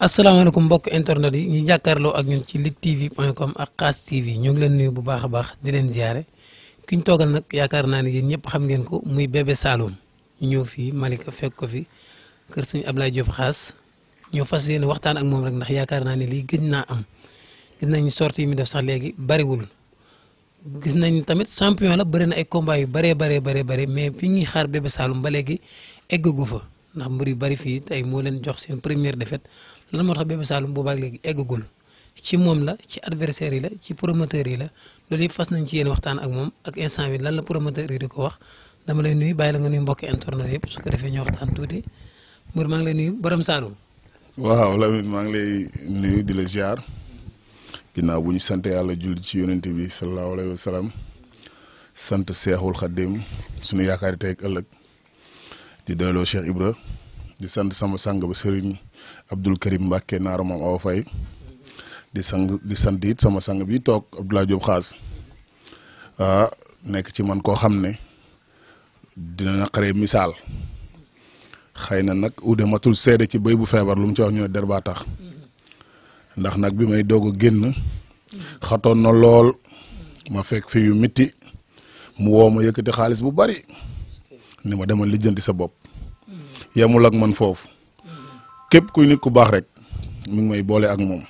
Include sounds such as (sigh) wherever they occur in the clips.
asalaamaaleykum mbokk internet yi ñu jàkkaarloo ak ñun ci Lutte TV point com ak Xaas TV ñoo ngi leen nuyu bu baax baax di leen ziare ki ñu toogal nag yaakaar naa ni yéen ñëpp xam ngeen ko muy Bébé Saloum ñëw fii Malika fekk ko fi kër sëñ Ablaye Diop ñoo fas yéene waxtaan ak moom rek ndax yaakaar naa ne lii gëj naa am gis nañ sortie yi mu def sax léegi bariwul gis nañ tamit champion la bëri na ay combat yu bëree baree baree bëri mais fi ñuy xaar Bébé Saloum ba léegi eggagu fa ndax mbir yu bari fii tey moo leen jox seen première défaite lan moo tax Bébé Saloum boobaak léegi eggagul ci moom la ci adversaire yi la ci promoteur yi la loolu yëpp fas nañ ci yéen waxtaan ak moom ak instant bi lan la promoteur yi di ko wax dama lay nuyu bàyyi la nga nuyu mbokki yëpp ko defee ñu waxtaan tuuti Mour maa ngi lay nuyu borom Saloum. waaw Lamine maa ngi lay nuyu di la ziar ginnaaw bu ñu sant yàlla julli ci yonent bi sallallahu alayhi wa sant seexul xaddim sunu yaakaar tey ak ëllëg di doyloo Cheikh Ibra di sant sama sang ba Serigne. Abdul Karim Mbàkke naaru maam Awa Faye di sang di sant sama sangu bi toog Abdoulaye Diop xaas ah, nekk ci man koo xam ne dina naqaree misaal xëy na nag ude matul seede ci bay bu feebar lu ci wax ñu ne der baa tax ndax nag bi may doog a génn xatoon na lool ma fekk fi yu mitti mu woo ma yëkkati xaalis bu bari ni ma demal lijjanti sa bopp yamulak man foofu. képp kuy nit ku baax rek mi ngi may boole ak moom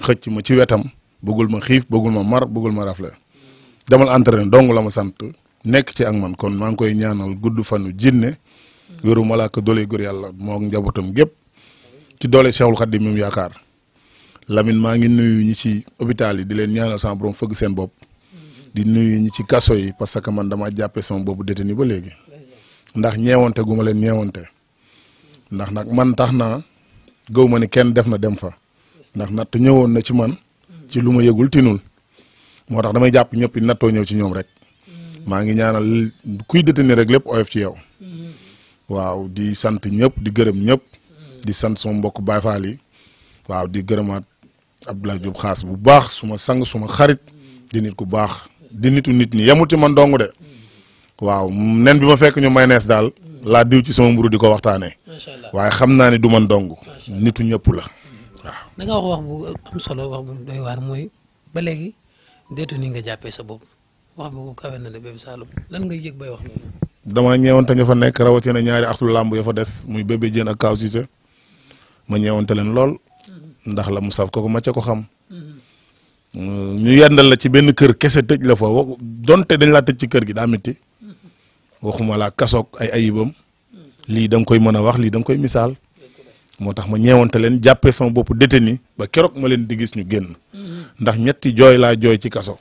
xëcc ma ci wetam bëggul ma xiif bëggul ma mar bëggul ma rafle entre entraîné dong la ma sant nekk ci ak man kon maa ngi koy ñaanal gudd fanu jinne wéru malaaka dole góor yàlla moo ak njabootam gépp ci doole Cheikhul Khadim mu yaakaar Lamine maa ngi nuyu ñi ci hôpital yi di leen ñaanal sama borom fëgg seen bopp di nuyu ñi ci kaso yi parce que man dama jàppe sama boobu détenu ba léegi ndax ñeewante gu leen ñeewante gëw ma ni kenn def na dem fa ndax natt ñëwoon na ci man ci lu ma yëgul tinul moo tax damay jàpp ñëpp nattoo ñëw ci ñoom rek maa ngi ñaanal kuy détenir rek lépp oyof ci yow waaw di sant ñëpp di gërëm ñëpp di sant sama mbokk Baay Faal waaw di gërëmaat Abdoulaye Diop xaas bu baax suma sang suma xarit di nit ku baax di nitu nit ni yemul ci man dong de waaw nen bi ma fekk ñu may nees daal laa diw ci sama mburu di ko waxtaanee. macha waaye xam naa ne du man dong. nitu ñëpp la waaw. da wax wax bu am solo wax bu doy waar mooy ba léegi deetu ni nga jàppee sa bopp wax boobu lan nga yëg bay wax noonu. dama ñeewante nga fa nekk rawatina ñaari axtul làmb ya fa des muy Bébé Diène Kaw Cissé ma ñeewante leen lool ndax la mu saf kooku ma ca ko xam. Mm-hmm. ñu yendal la ci benn kër kese tëj la fa donte dañ laa tëj ci kër gi daa métti. waxuma laa kasoog ay ayibam lii da koy mën a wax lii danga koy misaal moo tax ma ñeewante leen jàppee sama bopp détenu ba keroog ma leen di gis ñu génn ndax ñetti jooy laa jooy ci kaso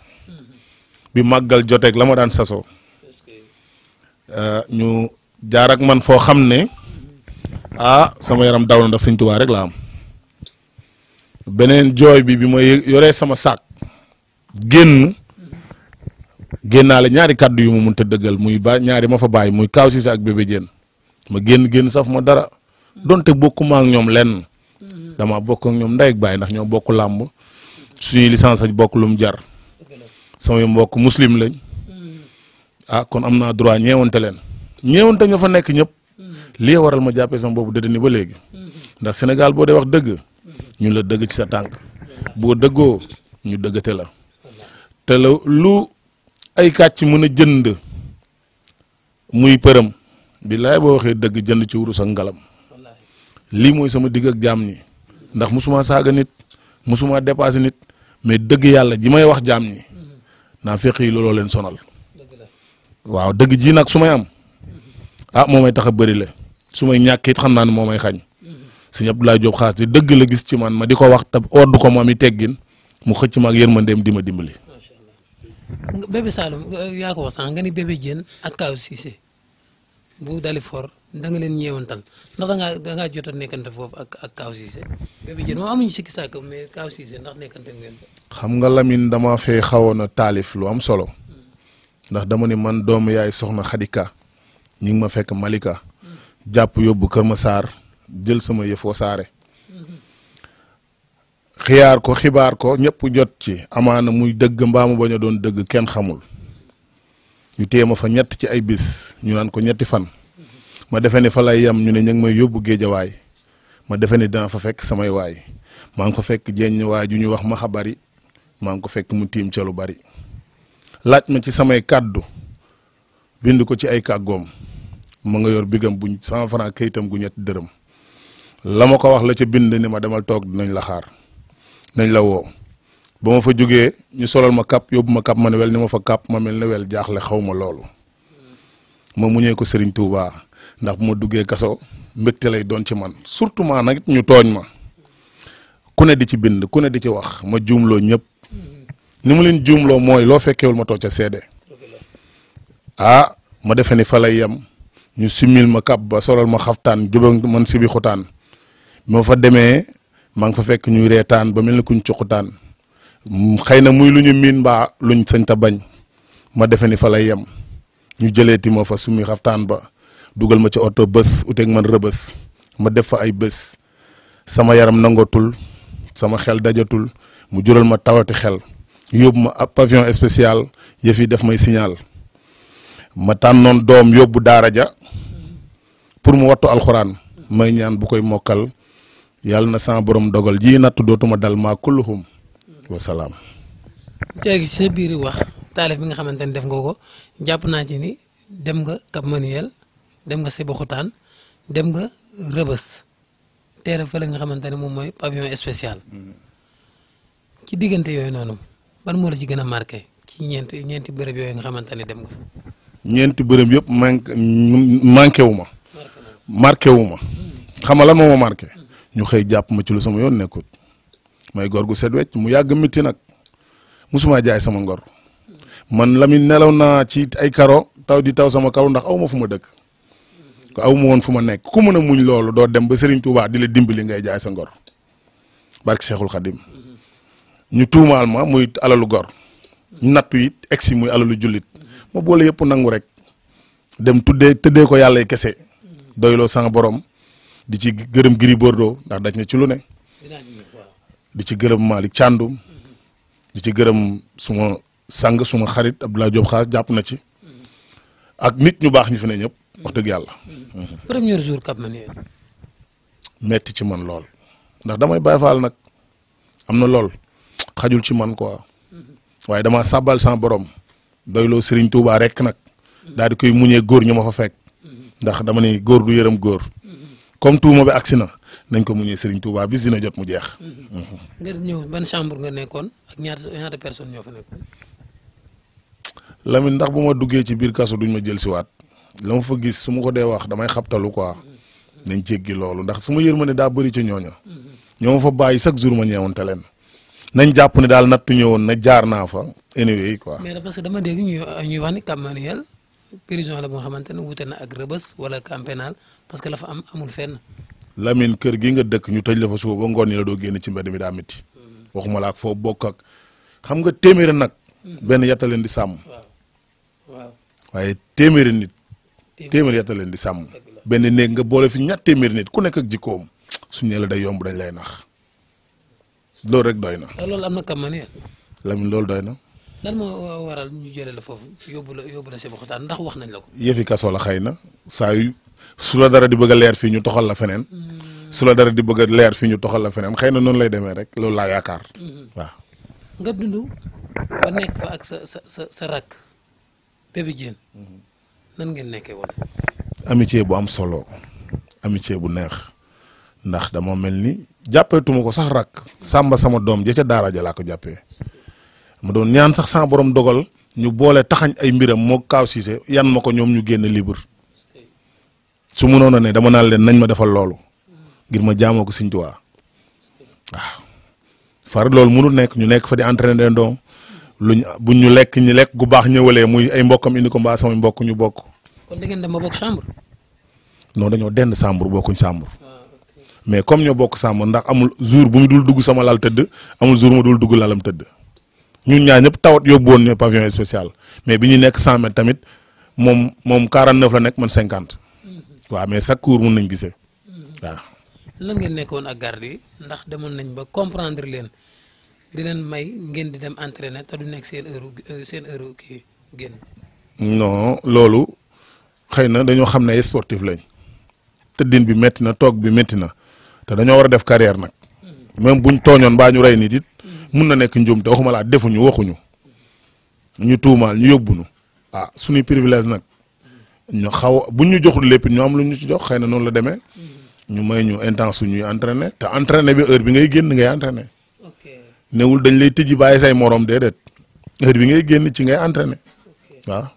bi màggal joteeg la ma daan sasoo euh, ñu jaar man foo xam ne ah sama yaram daw na ndax sëñ Tuubaa rek laa am beneen jooy bi bi ma yoree sama saak génn génnaale ñaari kàddu yu ma mënta dëggal muy ba ñaari ma fa bàyyi muy Kaaw Cissé ak Bébé Diène ma génn génn saf ma dara donte bokkuma ak ñoom lenn dama bokk ak ñoom ndey ak baay ndax ñoo bokk làmb su licence ak bokk lu mu jar samay mbokk muslim lañ ah kon am naa droit ñeewante leen ñeewante ña fa nekk ñëpp lii waral ma jàppee sama boobu dëdd ni ba léegi ndax Sénégal boo dee wax dëgg ñu la dëgg ci sa tànk boo dëggoo ñu dëggate la te lu ay kàcc mën a jënd muy përëm billaay boo waxee dëgg jënd ci wurus ak ngalam lii mooy sama digg ak jaam ñi ndax mosuma saaga nit mosuma dépassé nit mais dëgg yàlla ji may wax jaam ñi mm-hmm. naa feq yi looloo leen sonal waaw dëgg jii nag su may am mm-hmm. ah moo may tax a bari la su may ñàkk xam naa ne moo may xañ mm-hmm. sëñ Abdoulaye Diop xaas di dëgg la gis ci man ma di ko wax te or du ko moom i teggin mu xëcc ma ak yërmandeem di ma dimbali. bébé Saloum yaa ko wax sànq nga ni bébé Diène ak Kaaw Cissé bu dal fort da nga leen ñeewantal ndax da jot a nekkante foofu ak ak Kaaw Cissé bébé Diène moom amuñu sikki sàkk mais Kaaw Cissé ndax nekkante ngeen xam nga Lamine dama fee xawoon a taalif lu am solo hmm. ndax dama ni man doomu yaay soxna Xadika ñu ngi ma fekk Malika hmm. jàpp yóbbu Kër Massar jël sama yëf wasaare xiyaar ko xibaar ko ñëpp jot ci amaana muy dëgg mbaamu bañ doon dëgg kenn xamul ñu téema fa ñett ci ay bis ñu naan ko ñetti fan ma defe ni fa lay yem ñu ne ñu may yóbbu géejawaay ma defe ni dana fa fekk samay waay maa ngi ko fekk jeeñ waay ju ñu wax ma xabari maa ngi ko fekk mu tiim ca lu bari laaj ma ci samay kàddu bind ko ci ay kàggoom ma nga yor bigam bu sama franc kayitam gu ñetti dërëm la ma ko wax la ci bind ni ma demal toog dinañ la xaar nañ la woo ba ma fa jógee ñu solal ma kap yóbbu ma kap ma ne wel ni ma fa kap ma mel ne wel jaaxle xaw ma loolu ma muñee ko Serigne Touba ndax bu ma duggee kaso mbégte lay doon ci man surtout maa nag ñu tooñ ma ku ne di ci bind ku ne di ci wax ma juumloo ñëpp ni mu leen juumloo mooy loo fekkewul ma toog ca seede ah ma defe ni fa lay yem ñu simil ma kap ba solal ma xaftaan jubag man si bi xutaan ma fa demee maa ngi fa fekk ñuy reetaan ba mel ni kuñ taan xëy na muy lu ñu miin mbaa luñ sañ ta bañ ma defe ni fa lay yem ñu jëleeti ma fa sumi xaftaan ba dugal ma ci oto bés uteeg man rëbës ma def fa ay bés sama yaram nangotul sama xel dajatul mu jural ma tawati xel yóbbu ma ab pavillon spécial yëf yi def may signal ma tànnoon doom yóbbu daara ja pour mu wattu alxuraan may ñaan bu koy mokkal yàlla na sama borom dogal ji natt dootuma dal maa kulluhum wa salaam. ceegi ci sa biir wax taalif bi nga xamante ne def nga ko jàpp naa ci ni dem nga Cap Manuel dem nga Sébikotane dem nga Rebeuss teere fële nga xamante ne moom mooy pavillon spécial. ci diggante yooyu noonu ban moo la ci gën a marqué ci ñeenti bërëb yooyu nga xamante ne dem nga fa. ñeenti bërëb yëpp manqué manqué wu ma. marqué wu ma. nga lan moo ñu xëy jàpp ma ci lu sama yoon nekkut may gor gu set wecc mu yàgg mitti nag musuma jaay sama ngor man Lamine nelaw na ci ay karo taw di taw sama karo ndax aw ma fu ma dëkk ko aw woon fu ma nekk ku mën a muñ loolu doo dem ba Serigne Touba di la dimbali ngay jaay sa ngor barke Cheikhul Khadim ñu tuumaal ma muy alalu gor nattu it muy alalu jullit ma boole yëpp nangu rek dem tuddee tëddee ko yàlla kese doyloo sang borom di ci gërëm Gris Bordeaux ndax daj na ci lu ne di ci gërëm Malick Thiandoum di ci gërëm suma sang suma xarit Abdoulaye Diop Xaas jàpp na ci ak nit ñu baax ñu fi ne ñëpp wax dëgg yàlla. premier jour Cap metti ci man lool ndax damay Baay Faal nag am na lool xajul ci man quoi waaye dama sàbbal sans borom doyloo Serigne Touba rek nag daal di koy muñee góor ñu ma fa fekk ndax dama ni góor du yërëm góor. comme tuuma bi agsi na nañ ko muñee Serigne Touba bis dina jot mu jeex. Mm-hmm. nga nekkoon ak ñaata ñaata ñoo fa nekkoon. Lamine ndax bu ma duggee ci biir kaso duñ ma jël siwaat la ma fa gis su ma ko dee wax damay xabtalu quoi mm-hmm. nañ jéggi loolu ndax su ma yërmande daa bëri ca ñooña. Mm-hmm. ñoo ma fa bàyyi chaque jour ma ñeewante leen. nañ jàpp ne daal nattu ñëwoon na jaar naa fa anyway quoi. prison la boo xamante ne wute na ak rëbës wala camp pénal parce que la fa am amul fenn. Lamine kër gi nga dëkk ñu tëj la fa suba ba ngoon yi la doo génn ci mbedd mi daa métti. Mm. waxuma la foo bokkak xam nga téeméeri nag. Mm. benn yatta leen di sàmm. waaye téeméeri nit. téeméeri yatta leen di sàmm. benn néeg nga boole fi ñatt téeméeri nit ku nekk ak jikkoom suñu ne la day yomb dañ lay nax loolu rek doy na. loolu am na Lamine loolu doy na. lan moo waral ñu jëlee la foofu yóbbu la yóbbu la Sébikotane ndax wax nañ la ko. yëfi kaso la xëy na saa yu su la dara di bëgg leer fii ñu toxal la feneen. Hmm. su la dara bëgg a leer fii ñu toxal la feneen xëy na noonu lay demee rek loolu laa yaakaar. Hmm. waaw. nga dund ba nekk fa ak sa sa sa sa rakk Bébé hmm. nan ngeen nekkee woon. amitié bu am solo amitié bu neex ndax dama mel ni jàppeetuma ko sax rakk. sàmba sama doom ja ca daara ja laa ko jàppee. ma doon ñaan sax sans borom dogal ñu boole taxañ ay mbiram moo kaaw siise yan ma ko ñoom ñu génn libre su mënoon a ne dama naan leen nañ ma defal loolu ngir ma jaamoo ko Sëñ Tuubaa waaw far loolu munu nekk ñu nekk fa di entraîner doom luñ buñ ñu lekk ñu lekk gu baax ñëwalee muy ay mbokkam indi ko mbaa samay mbokk ñu bokk. kon da dañoo dend chambre bokkuñ chambre. mais comme ñoo bokk chambre ndax amul jour bu mu dul dugg sama lal tëdd amul jour mu dul dugg lalam tëdd. ñun ñaar ñëpp tawat yóbbu woon ne pavillon spécial mais bi ñu nekk 100 mètres tamit moom moom 49 la nekk man cinquante mm-hmm. waaw mais chaque cours mun nañ gisee mm-hmm. waaw. lan ngeen nekkoon ak garde yi ndax demoon nañ ba comprendre leen di leen may ngeen di dem entraîner te du nekk seen heure euh, seen heure kii génn. non loolu xëy na dañoo xam ne ay sportif lañ tëddin bi métti na toog bi métti na te dañoo war a def carrière nag mm-hmm. même buñ tooñoon baa ñu rey nit it mun na nekk njuum te waxuma laa defuñu waxuñu ñu tuumaal ñu nu ah suñuy privilège nag ñu xaw bu ñu joxul lépp ñu am lu ñu ci jox xëy na noonu la demee ñu may ñu intense suñuy entraîné te entraîné bi heure bi ngay génn ngay entraîné newul dañ lay tijji bàyyi say morom déedéet heure bi ngay génn ci ngay entraîné waaw.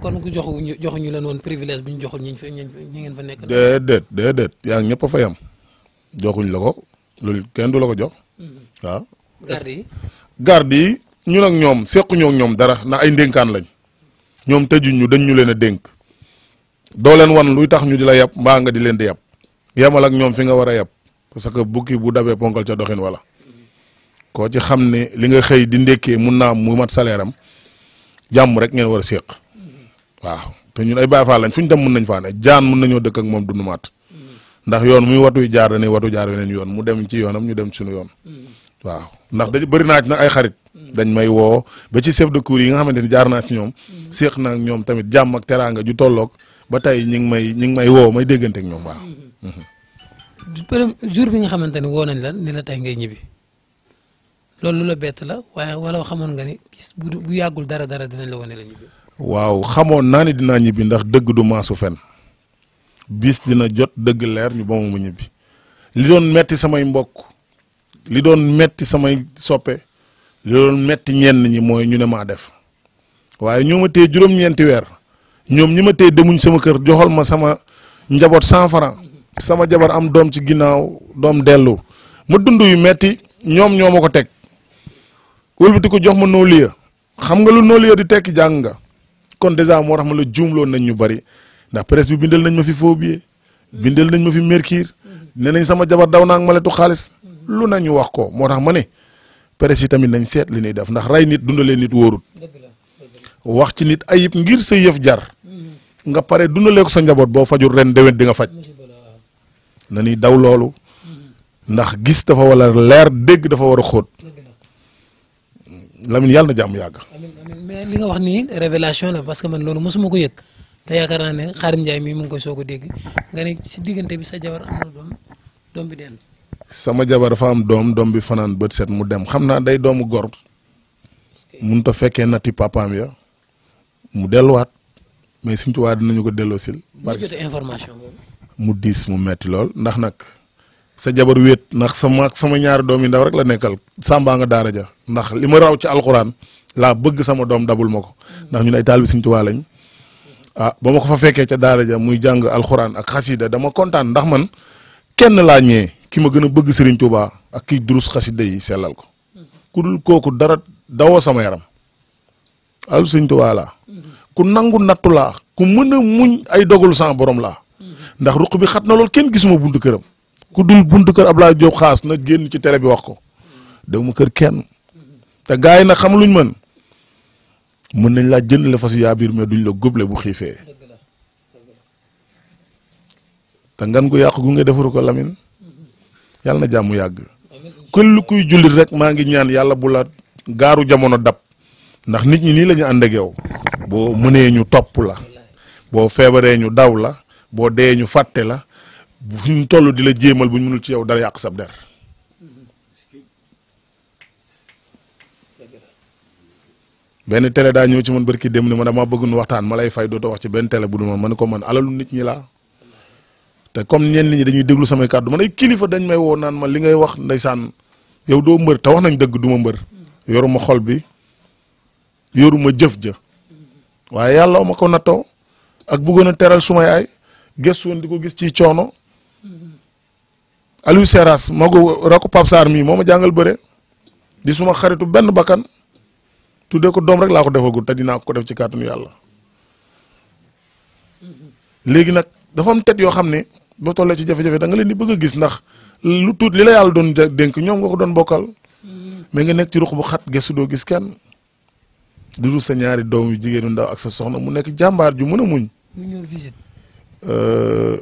kon ku joxuñu joxuñu leen woon privilège bu ñu joxul ñi ngeen fa nekk. déedéet yaa ngi ñëpp a fay am joxuñ la ko loolu kenn du la ko jox. Mm-hmm. waaw garde yi garde yi ñun ak ñoom sequñoo ñoom dara ndax ay ndénkaan lañ ñoom tëjuñ ñu dañ ñu leen a dénk doo leen wan luy tax ñu di la yab mbaa nga di leen di yab yemal ak ñoom fi nga war a yab parce que bukki bu dabee ponkal ca doxin wala koo ci xam ne li nga xëy di ndekkee mun naa am mu mat salaire am jàmm rek ngeen war a séq waaw te ñun ay Baay Faal lañ fu ñu dem mun nañ faa ne jaan mun nañoo dëkk ak moom dundumaat ndax yoon muy watuy jaar dañuy watu jaar weneen yoon mu dem ci yoonam ñu dem suñu yoon waaw ndax dañu bëri naa ci ay xarit. dañ may woo ba ci chef de cour yi nga xamante ni jaar naa ci ñoom. seex na ak ñoom tamit jàmm ak teraanga ju tollook ba tey ñu ngi may ñu ngi may woo may déggante ñoom waaw. Mm-hmm. Mm-hmm. Mm-hmm. bi nga xamante ni woo nañ la ni tey ngay ñibbi loolu lu la waaye wala xamoon nga ni bu yàggul dara dara dinañ la wane la waaw xamoon naa ne dinaa ñibbi ndax dëgg du maasu fen bis dina jot dëgg leer ñu ba mu ñibbi li doon metti samay mbokk. li doon metti samay soppe li doon metti ñeen ñi mooy ñu ne maa def waaye ñoo ma téye juróom-ñeenti weer ñoom ñi ma téye demuñ sama kër joxal ma sama njaboot cent sama jabar am doom ci ginnaaw doom dellu ma dund yu metti ñoom ñoo ma ko teg wëlbati ko jox ma non-lieu xam nga lu non-lieu di tekki jàng nga kon dèjà moo tax ma la juumloon nañ ñu bari ndax presse bi bindal nañ ma fi phobie bindal nañ ma fi mercure nee nañ sama jabar daw naa ak maletu xaalis lu nañu wax ko moo tax ma ne presse tamit nañ seet li ñuy def ndax rey nit dundalee nit wóorut wax ci nit ayib ngir sa yëf jar mm-hmm. nga pare dundalee ko sa njaboot boo fajul ren déwén di nga faj na ñuy daw loolu mm-hmm. ndax gis dafa wala leer dégg dafa war a xóot Lamine yàlla na jàmm yàgg. mais li nga wax nii révélation la parce que man loolu mosuma ko yëg te yaakaar naa ne Xaarim Njaay mii mu ngi koy soog a dégg nga ne si diggante bi sa jabar am doom bi dellu sama jabar dafa am doom doom bi fanaan bët set mu dem xam naa day doomu gor mënut a fekkee natti papaam ya mu delluwaat mais suñ tubaab dinañu ko delloosil. information mu diis mu metti lool ndax nag sa jabar wéet ndax sa sama sama ñaari doom yi ndaw rek la nekkal sàmbaa nga daara ja ndax li ma raw ci alxuraan laa bëgg sama doom dabul ma ko ndax ñun ay taal bi suñ lañ ah ba ma ko fa fekkee ca daara ja muy jàng alxuraan ak xasida dama kontaan ndax man kenn laa ki ma gën a bëgg Serigne Touba ak ki durus xasida yi sellal ko ku dul kooku dara dawoo sama yaram alu Serigne Touba laa ku nangu nattu laa ku mën a muñ ay dogul sans borom laa ndax ruq bi xat na lool kenn gisuma buntu këram ku dul buntu kër ab Ablaye Diop xaas na génn ci télé bi wax ko dama kër kenn te gars yi nag xam luñ mën mën nañ laa jënd la fas yaa biir mais duñ la góble bu xiifee te ngan ko yàqu gu nga defaru ko Lamine. yàlla na jàmm yàgg këll kuy jullit rek maa ngi ñaan yàlla bu la gaaru jamono dab ndax nit ñi nii la ñu ànd ak yow boo mënee ñu topp la boo feebaree ñu daw la boo dee ñu fàtte la fu ñu toll di la jéemal bu ñu mënul ci yow dara yàq sab der benn télé daa ñëw ci man barki dem ni ma dama bëgg nu waxtaan ma lay fay dootoo wax ci benn télé bu dul man ma ne ko man alalu nit ñi la te comme ñenn ñi dañuy déglu samay kàddu man ay kilifa dañ may woo naan ma li ngay wax ndeysaan yow doo mbër te wax nañ dëgg du ma mbër yoruma xol bi yoruma jëf ja waaye yàlla ma ko nattoo ak bëggoon a teral suma yaay gëstu woon di ko gis ci coono Aliou Seras magu rakku Pape mii moo ma jàngal bëre di suma xaritu benn bakkan tuddee ko doom rek laa ko defagul te dinaa ko def ci kàttanu yàlla léegi nag dafa am yoo xam ne. boo tollee ci jafe-jafe da nga leen di bëgg gis ndax lu tuut li la yàlla doon dénk ñoom nga ko doon bokkal mm-hmm. mais nga nekk ci ruq bu xat gëstu doo gis kenn du sa ñaari doom yu jigéenu ndaw ak sa soxna mu nekk jàmbaar ju mën a muñ. mu ñëw visite. Euh,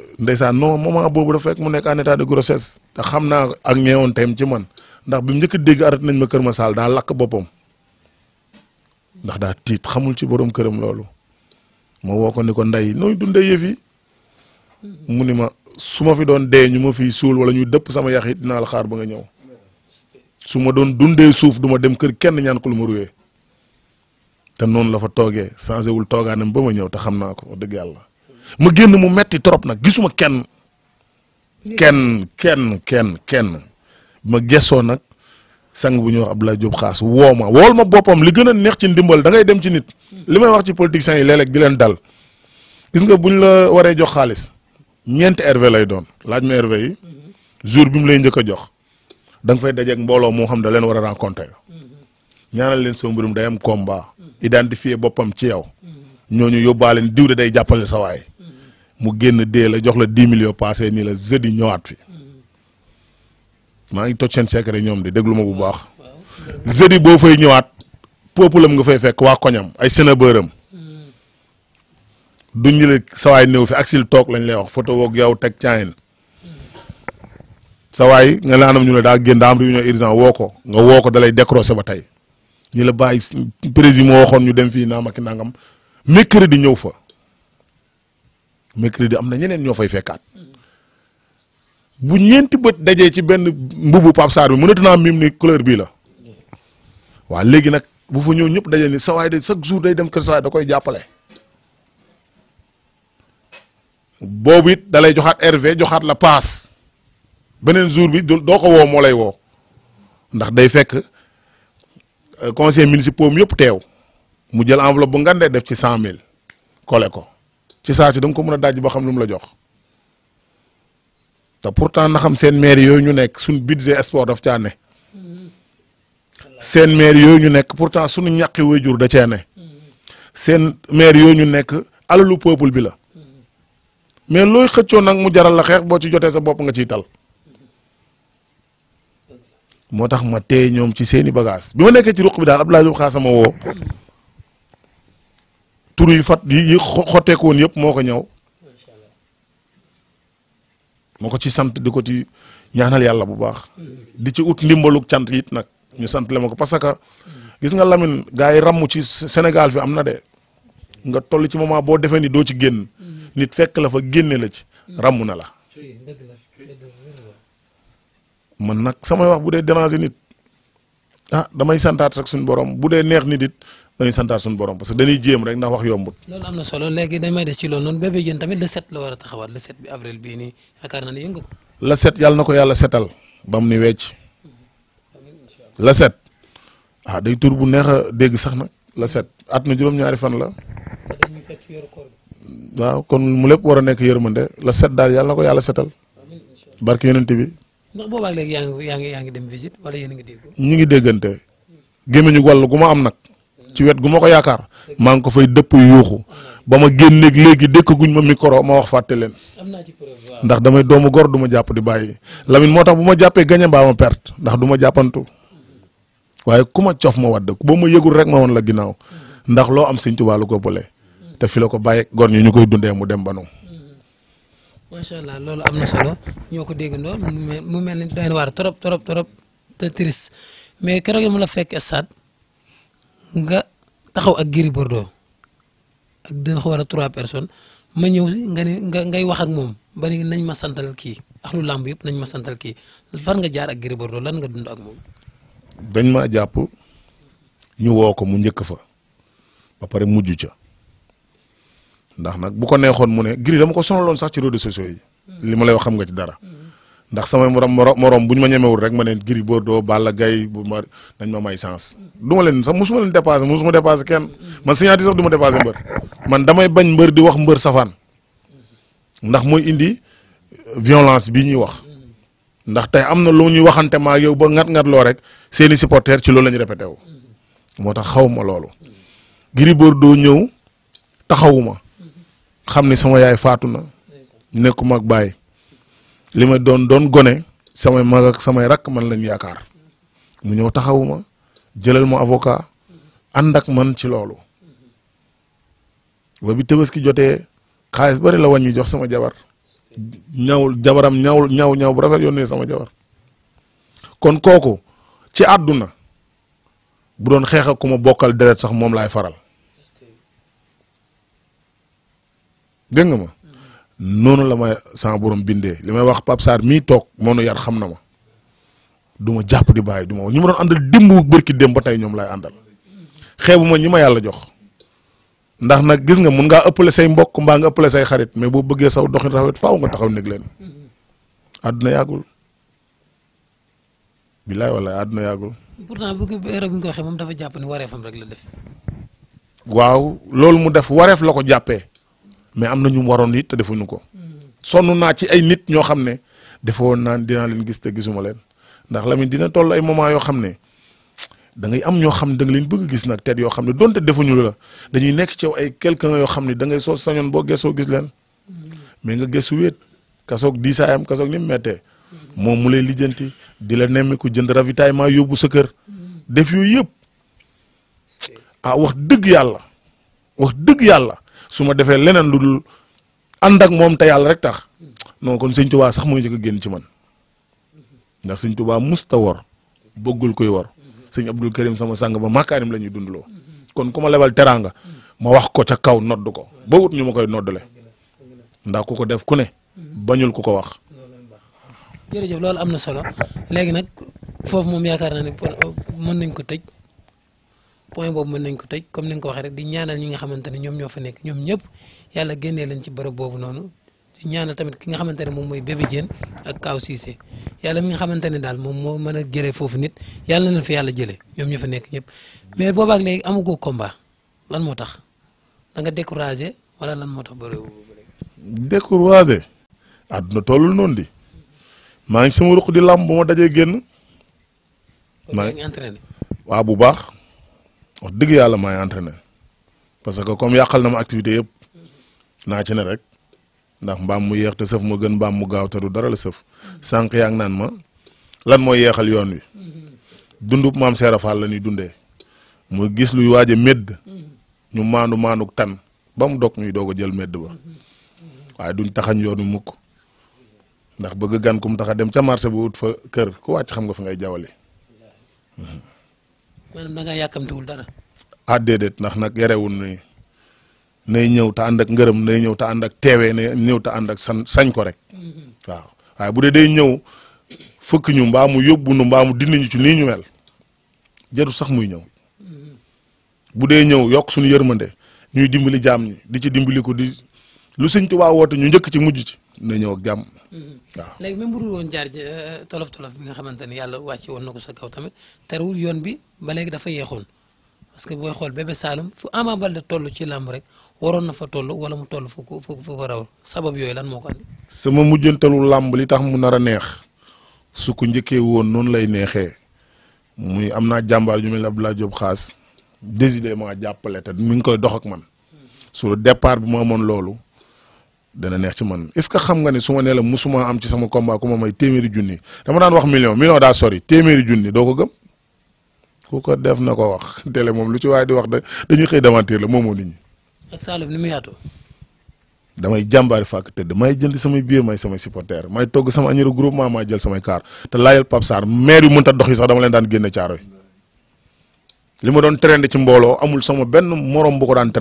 boobu dafa fekk mu nekk en état de grossesse te xam naa ak ñeewoon tayam ndax bi mu njëkk a dégg arrêté nañ ma kër ma saal daa lakk boppam ndax daa tiit xamul ci boroom këram loolu ma woo ni ko ndey nooy dundee yëf yi mm-hmm. mu ni ma. su ma fi doon dee ñu ma fiy suul wala ñuy dëpp sama yax it dinaa la xaar ba nga ñëw su ma doon dundee suuf duma dem kër kenn ñaan ko lu ma ruwee noonu la fa toogee changé wul toogaanam ba ma ñëw te xam naa ko dëgg yàlla ma génn mu metti trop nag gisuma kenn kenn kenn kenn kenn ma gesoo nag sang bu ñuy wax Abdoulaye Diop xaas woo ma wool ma boppam li gën a neex ci ndimbal da ngay dem ci nit li may wax ci politiciens yi léeg-léeg di leen dal gis nga buñ la waree jox xaalis ñeenti hervé lay doon laaj ma hervé yi jour bi mu lay njëkk a jox danga fay dajeeg mbooloo moo xam da leen war a rencontré ñaanal leen sa mbirum day am combat identifier boppam ci yow ñooñu yóbbaale diw de day jàppale sa waay mu génn dee la jox la di millions passé nii la jeudi ñëwaat fi maa ngi toj seen secret ñoom di déglu ma bu baax jeudi boo fay ñëwaat peuple am nga fay fekk waa koñam ay sénébeuram du ñu la sawaay néew fi ak sil toog lañ lay wax photo woog yow teg caayin sawaay nga laanam ñu la daa génn daa am réunion urgent woo ko nga woo ko dalay décroché ba tey ñu la bàyyi président moo waxoon ñu dem fii naa maki nangam mercredi ñëw fa mercredi am na ñeneen ñoo fay fekkaat bu ñeenti bët dajee ci benn mbubu Pape Sarr bi mënatu am mim ni couleur bii la waaw léegi nag bu fa ñëw ñëpp dajee ni sawaay de chaque jour day dem kër sawaay da koy jàppale boobu it dalay joxaat RV joxaat la paas beneen jour bi doo ko woo moo lay woo ndax day fekk euh, conseil municipal mi yëpp teew mu jël enveloppe bu ngandee def ci cent mille kole ko ci saa si da nga ko mën a dajj ba xam lu mu la jox te pourtant na xam seen maire yooyu ñu nekk suñ budget sport daf caa ne seen maire yooyu ñu nekk pourtant suñu ñàqi waajur da cee ne seen maire yooyu ñu nekk alalu peuple bi la mais looy xëccoo nag mu jaral la xeex boo ci jotee sa bopp nga ciy tal moo tax ma téye ñoom ci seeni bagage bi ma nekkee ci ruq bi daal Abdoulaye Diop xaasama woo sama yi fat yi xotteeku woon yëpp moo ko ñëw moo ko ci sant di ko ci ñaanal yàlla bu baax di ci ut ndimbaluk cant yit nag ñu sant le ma ko parce que gis nga Lamine gars yi ràmm ci senegal fi am na de nga toll ci moment boo defee ni doo ci génn nit fekk la fa génne la ci hmm. ràmm na la man nag samay wax bu dee déranger nit ah damay santaat rek borom bu dee neex nit it dañuy santaat borom parce que dañuy jéem rek ndax wax yombut. loolu solo léegi dañ may des ci loolu noonu bébé jën tamit war a taxawaat le 7 bi nii yaakaar naa ne ko. le 7 yàlla na ko yàlla setal ba mu ni wecc le 7 ah, tur bu neex dégg sax nag le 7 at na juróom-ñaari fan la. waaw kon mu lépp war a nekk yërmande la set daal yàlla na ko yàlla setal barke yonent bi. ndax boobaag léegi yaa ngi yaa ngi yaa ngi dem visite wala yéen ngi dégg. ñu ngi déggante gémmiñu wàll gu ma am nag ci wet gu ma ko yaakaar maa ngi ko fay dëpp yuuxu ba ma génneeg léegi dëkkaguñ ma micro ma wax fàtte leen ndax damay doomu gor du ma jàpp di bàyyi Lamine moo tax bu ma jàppee gañe mbaa ma perte ndax du ma jàppantu waaye ku ma cof ma wadd ba ma yëgul rek ma woon la ginnaaw ndax loo am sëñ Tuubaa lu ko boole te fi ko bàyyi gor ñi ñu koy dundee mu dem ba nu macha mm-hmm. allah loolu am na solo ñoo ko déggandoo mu mel ni doy na waar trop trop trop te triste mais keroog mu la fekk stade taxaw ak Gris Bordeaux ak deux wala trois personnes ma ñëw nga ne nga ngay wax ak moom ba ni nañ ma santal kii ak lu làmb yëpp nañ ma santal kii fan nga jaar ak Gris Bordeaux lan nga dund ak moom. dañ ma jàpp ñu woo ko mu njëkk fa ba pare mujj ca. ndax nag bu ko neexoon mu ne Gris dama ko sonaloon sax ci réseaux sociaux yi. Mm. li ma lay wax xam nga ci dara. Mm. ndax samay morom morom bu ñu ma ñemewul rek ma ne Gris Bordeaux Balla Gaye bu ma nañ ma may chance. Mm. du ma leen sax musuma leen dépassé musuma dépassé kenn man signature sax du ma dépassé mbër man damay bañ mbër di wax mbër safaan ndax mooy indi violence bii ñuy wax ndax tey am na loo ñuy waxante ma yow ba ngat-ngat loo rek seen i supporters ci loolu la ñu répété wu. moo tax xaw ma loolu. Gris Bordeaux ñëw taxawuma xam ni sama yaay faatu na nekkuma ak bàyyi li ma doon doon gone samay mag samay rakk man lañ yaakaar mu ñëw taxawuma jëlal ma avocat ànd ak man ci loolu ba bi ki jotee xaalis bari la wàññi jox sama jabar ñawul jabaram ñaw ñaw bu rafet yónnee sama jabar kon kooku ci àdduna bu doon xeex ak ku ma bokkal deret sax moom laay faral dégg nga ma noonu la ma sama borom bindee li may wax Pape Sarr mii toog moo nu yar xam na ma du ma jàpp di bàyyi duma ma ñu ma doon àndal démb bërki démb ba tey ñoom laay àndal xeebu ma ñi ma yàlla jox ndax nag gis nga mun ngaa ëppale say mbokk mbaa nga ëppale say xarit mais boo bëggee saw doxin rawet faaw nga taxaw nekk leen àdduna yàggul bilaay walaay àdduna yàggul. pourtant bu heure bi nga ko waxee moom dafa jàpp ne wareefam rek la def. waaw loolu mu def wareef la ko jàppee. mais am na ñu waroon it te defuñu ko. sonn naa ci ay nit ñoo xam ne defoon naan dinaa leen gis te gisuma leen ndax Lamine dina toll ay moment yoo xam ne da ngay am ñoo xam ne da nga gis nag tedd yoo xam ne donte defuñu la dañuy nekk ci ay quelqu'un yoo xam ne da ngay soo sañoon boo gesoo gis leen mais nga gesu wéet kasoog diisaayam kasoog ni mu méttee moom mu lay lijjanti di la nemmiku jënd ravitaillement yóbbu sa kër def yooyu yëpp ah, wax dëgg yàlla wax dëgg yàlla. su ma defee leneen lu dul ànd ak moom te yàlla rek tax non kon sëñ Tuubaa sax mooy njëkk génn ci man ndax sëñ Tuubaa musta wor bëggul koy wor sëñ Abdul Karim sama sang ba makaarim la ñuy dundloo kon ku ma lebal teraanga ma wax ko ca kaw nodd ko ba wut ñu ma koy noddale ndax ku ko def ku ne bañul ko ko wax. loolu am na solo léegi nag foofu moom yaakaar naa ne mën nañ ko tëj. point boobu mën nañ ko tëj comme ni nga ko waxee rek di ñaanal ñi nga xamante ne ñoom ñoo nekk ñoom ñëpp yàlla génnee leen ci bërëb boobu noonu ci ñaanal tamit ki nga xamante ne moom mooy bébé Diène ak Kaaw Cissé yàlla mi nga xamante ne daal moom moo mën a jëlee foofu nit yàlla na fa yàlla jëlee ñoom ñoo fa nekk ñëpp mais boobaak léegi amagoo combat lan moo tax da nga découragé wala lan moo tax bëre découragé àdduna tollul noonu di maa ngi sama di làmb bu ma dajee génn. wax dëgg yàlla maay entraîné parce que comme yàqal na ma activité yëpp naa ci ne rek ndax mbaam mu yéex te sëf moo gën mbaam mu gaaw te du dara la sëf sànq yaa ngi naan ma lan mooy yeexal yoon wi dundub maam Seera Fall la ñuy dundee mu gis luy waaj a médd ñu maanu maandu tan ba mu dog ñuy doog a jël medd ba waaye duñ taxañ yoonu mukk ndax bëgg gan kum taxa dem ca marché bu ut fa kër ku wàcc xam nga fa ngay jawale. maanaam da nga yàkkamtiwul dara. ah déedéet ndax nag yarewul ni nay ñëw te ànd ak ngërëm nay ñëw te ànd ak teewee nay ñëw te ànd ak san sañ ko rek mm-hmm. waaw waaye bu dee day ñëw fëkk ñu mbaa mu yóbbu nu mbaa mu dindi ñu ci ni ñu mel jëru sax muy ñëw mm-hmm. bu dee ñëw yokk suñu yërmande ñuy dimbali jaam ñi di ci dimbali ko di lu sëñ Tuubaa woote ñu njëkk ci mujj ci na ñëw ak jàmm mm-hmm. waaw léegi même bu dul woon jaar euh, tolof tolof bi nga xamante ne yàlla wàcce woon na ko sa kaw tamit terewul yoon bi ba léegi dafa yeexoon parce que booy xool bébé Saloum fu Ama Baldé tollu ci làmb rek waroon na fa toll wala mu toll fu ko fu ko raw sabab yooyu lan moo ko andi. sama mujjantalu làmb li tax mu nar a neex su njëkkee woon noonu lay neexee muy am naa jàmbaar ñu mel ne Abdoulaye Diop xaas décidé maa jàppale te mi ngi koy dox ak man sur départ bi mu amoon loolu. dana neex ci man est ce que xam nga ne su ma nee la musuma am ci sama combat ku ma may téeméeri junni dama daan wax million million daa sori téeméeri junni doo ko gëm ku ko def na ko wax (laughs) télé moom lu ci waaye di wax da dañuy xëy davanteer la moomoo nit ñi. ak Saloum ni mu yaatu. damay jàmbaari fàkk tëdd may jënd samay billet may samay supporters may togg sama añëru groupement may jël samay kaar te laajal Pape Sarr maire yu mënta dox yi sax dama leen daan génne caaro yi li ma doon traîner ci mbooloo amul sama benn morom bu ko daan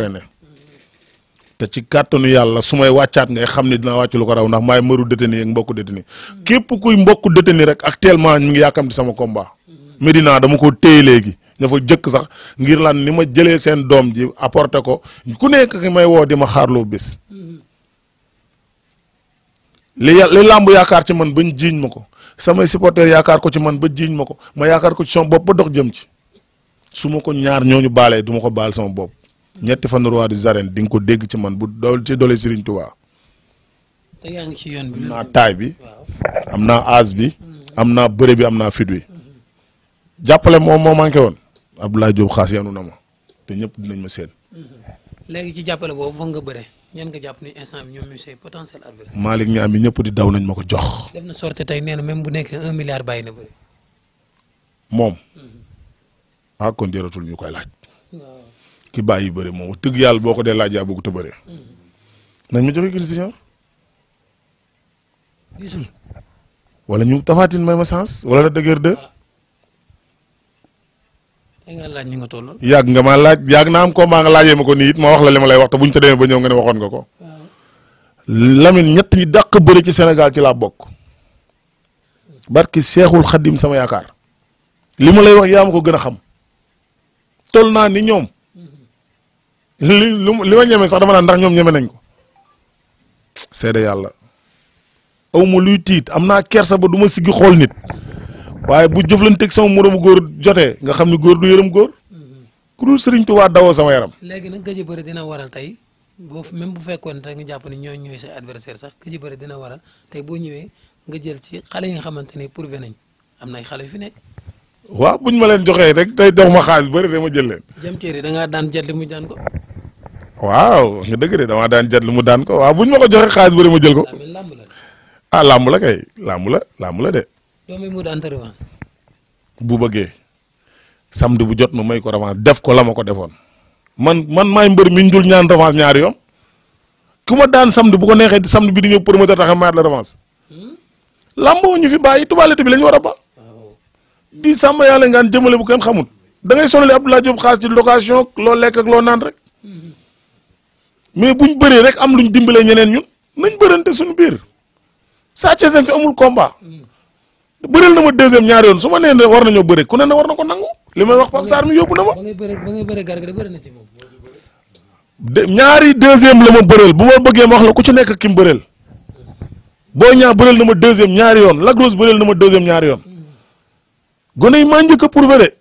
te ci kàttanu yàlla su may wàccaat ngay xam ne dinaa wàcc lu ko raw ndax maay mbëru détenu ak mbokku détenu képp kuy mbokku détenu rek actuellement ñu ngi yàkkamti sama combat. Medina dama ko téye léegi dafa jëkk sax ngir lan ni ma jëlee seen doom ji apporté ko ku nekk may woo di ma xaarloo bés. li li yaakaar ci man bañ jiiñ ma ko samay supporters yaakaar ko ci man ba jiiñ ma ko ma yaakaar ko ci sama bopp ba dox jëm ci suma ma ko ñaar ñooñu baalee duma ko baal sama bopp. ñetti fan roi des di nga ko dégg ci man bu dool ci doole Serigne Touba. te yaa ngi ci yoon bi am naa taay bi. am naa aas bi. am naa bëre bi am naa fit jàppale moom moo manqué woon. Abdoulaye Diop xaas yanu na ma te ñëpp nañ ma seen. léegi ci jàppale boobu foog nga bëre ñan nga jàpp ni instant bi ñoom ñu say potentiel adversaire. Malick ñëpp di daw nañ ma ko jox. def na sorte tey nee na même bu nekkee un milliard bàyyi na bëri. moom. ah kon jëratul ñu koy laaj. ki bàyyi bëri moom wax dëgg yàll boo ko dee laaj yaa bëgg te hmm. nañ ma joxe Kili Junior gisul ñu tafaatin may ma sens wala la dëgër de. nga nga toll. yàgg nga ma laaj yàgg naa am ko maa nga laajee ma ko nii it ma wax la li ma lay wax te buñ ca ba ñëw nga ne waxoon nga ko. Hmm. Lamine ñett ñi dàq bëri ci Sénégal ci laa bokk. barki seexul xaddim sama yaakaar. li wax yaa ma ko gën a xam. toll naa ni ñoom. li li ma ñeme sax dama naan ndax ñoom ñeme nañ ko seede yàlla aw luy tiit am naa kersa ba du ma siggi xool nit waaye bu jëflanteeg sama moroomu góor jotee nga xam ne góor du yërëm góor ku dul sëriñ waa dawoo sama yaram. léegi nag gëj bëri dina waral tey boo même bu fekkoon te nga jàpp ni ñooñu ñooy say adversaire sax gëj bëri dina waral tey boo ñëwee nga jël ci xale yi nga xamante ne prouvé nañ am na xale yu fi nekk. waaw buñ ma leen joxee rek tey dox ma xaalis bëri ma jël leen. jëm téere da daan jël li mu daan ko. waaw nga dëgg de damaa daan jat lu mu daan ko waaw bu ma ko joxe xaalis bëri ma jël ko. ah làmb la kay làmb la làmb la de. bu bëggee samedi bu jot ma may ko revanche def ko la ma ko defoon man man maay mbër mi ñu dul ñaan revanche ñaari yoon ku ma daan samedi bu ko neexee samedi bi di ñëw promoteur tax a mayaat la revanche. Hmm? làmboo ñu fi bàyyi tubaalete bi lañ war a ba. di sàmm yàlla ngaan jëmale bu kenn xamul da ngay sonal Abdoulaye Diop xaas ci location loo lekk ak loo naan mais buñ bëree rek am luñ dimbalee ñeneen ñun nañ bërante suñu biir Sa Thiès fi amul combat bëreel na ma deuxième ñaari yoon su ma nee ne war nañoo bëre ku ne na war na ko nangu li wax Pape Sarr mi yóbbu na ma. ba ngay bëree ba ngay bëree garga de bëri na ci moom. de ñaari deuxième la ma bëreel bu ma bëggee ma wax la ko ci nekk ki mu bëreel boo ñaa bëreel na ma deuxième ñaari yoon Lac Rose bëreel na ma deuxième ñaari yoon gone yi maa njëkk a prouvé de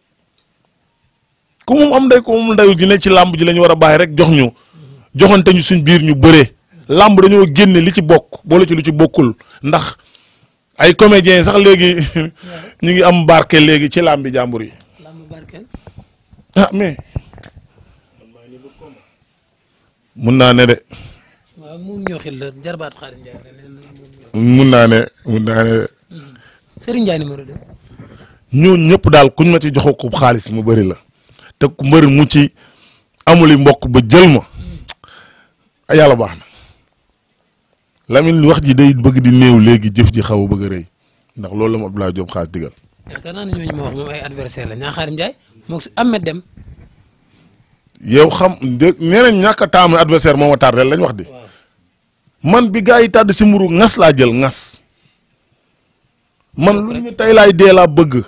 ku moom am ndey ku moom ndeyu ji ne ci làmb ji la ñu war a bàyyi rek jox ñu. joxante ñu suñ biir ñu bëree làmb dañoo génne li ci bokk boole ci lu ci bokkul ndax ay comédiens sax léegi (laughs) ñu ngi am barke léegi ci làmbi jàmbur yi. làmb barke. ah mais. mun naa ne de. waaw mu mun naa ne mun naa ne de. Mm-hmm. Serigne ñëpp daal kuñ ma ci joxu ko xaalis mu bëri la te ku mbëri mu ci amuli mbokk ba jël ma. yàlla baax na Lamine wax ji day bëgg di néew léegi jëf ji xaw a bëgg a ndax loolu la mu Abdoulaye Diop xaas digal. yaakaar naa ne ñooñu ay adversaire la Niakhar Ndiaye si Ahmed Dem. xam de ñàkk a taamu adversaire lañ wax di. man bi gaa yi tàdd si muru ngas laa jël ngas. man lu ñu tey laay dee bëgg.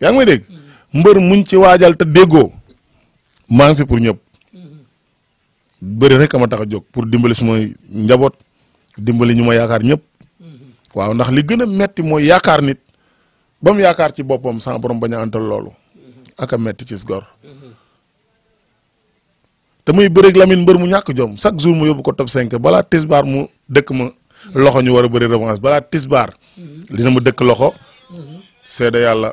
yaa ngi may dégg. Mm-hmm. mbër muñ ci waajal te déggoo. maa fi pour ñëpp. bëri rek ama tax a jóg pour dimbali suma njaboot dimbali ñu ma yaakaar ñëpp mm-hmm. waaw ndax li gën a metti mooy yaakaar nit ba yaakaar ci boppam sans borom bañ a antal loolu mm-hmm. ak a metti ci gor mm-hmm. te muy bëreeg Lamine mbër mu ñàkk jom chaque jour mu yóbbu ko top 5 balaa tisbaar mu dëkk ma loxo ñu war a bëri revanche balaa tisbaar dina ma dëkk loxo seede yàlla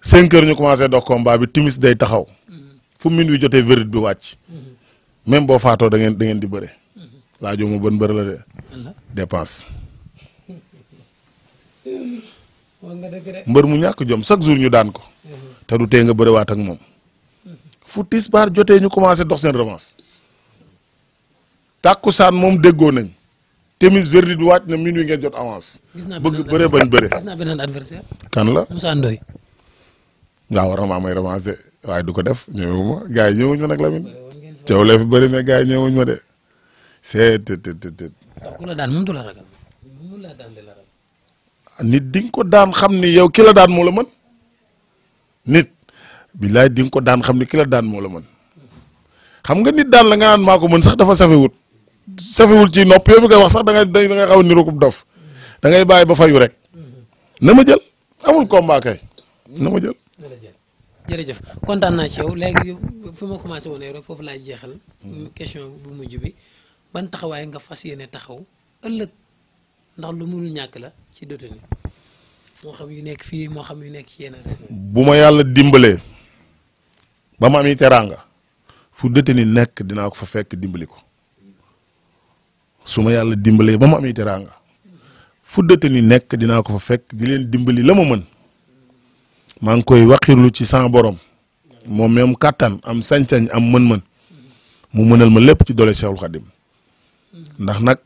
cinq heures ñu commencé dox combat bi timis day taxaw fu min wi jotee verdict bi wàcc même boo faatoo da ngeen da ngeen di bëre mm-hmm. laajoo ma bën bëri la de. dépense. (laughs) mbër mu ñàkk jom chaque jour ñu daan ko. Mm-hmm. te du tee nga bëriwaat ak moom. Mm-hmm. fu tisbaar jotee ñu commencé dox seen revanche. saan moom déggoo nañ. temis verdict bi wàcc na minuit ngeen jot avance. bëgg bëre bañ bëre. kan la Moussa Ndoye. war na maa may de waaye du ko def ñëwuma gars yi ñëwuñu nag Lamine. coow la fi bëri mais gars yi ñëwuñ ma de seet tët tët nit di ko daan xam ni yow ki daan moo la mën nit billaay di ko daan xam ni ki daan moo la mën xam nga nit daan la nga naan maa ko mën sax dafa safewut safewul ci nopp yow bi koy wax sax da ngay da ngay xaw a niru ko dof da ngay bàyyi ba fayu rek na ma jël amul combat kay na jël. jërëjëf kontaan naa ci yow léegi fi ma commencé woon rek foofu laay jeexal. Hmm. question bu mujj bi ban taxawaay nga fas yéene taxaw ëllëg ndax lu mu ñàkk la ci détenu moo xam yu nekk fii moo xam yu nekk ci yeneen. bu ma yàlla dimbalee ba ma ami teraanga fu détenu dinaa ko fa fekk dimbali ko su yàlla dimbalee ba ma ami teraanga fu nekk dinaa ko fa fekk di leen dimbali la ma mën. maa ngi koy waqirlu ci sans borom moom même kàttan am sañ am mën-mën mu mënal ma lépp ci doole Seexul Xadim ndax nag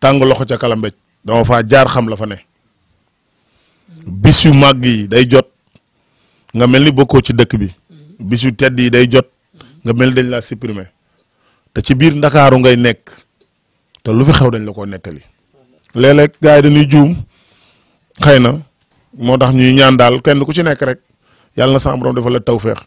tàng loxo ca kalambej dama faa jaar xam la fa ne bis yu mag yi day jot nga mel ni bokkoo ci dëkk bi bis yu tedd yi day jot nga mel ni dañ laa supprimer te ci biir ndakaaru ngay nekk te lu fi xew dañ la ko nettali léeg-léeg yi dañuy juum xëy na moo tax ñuy ñaan daal kenn ku ci nekk rek yàlla na sa borom defal la tawféex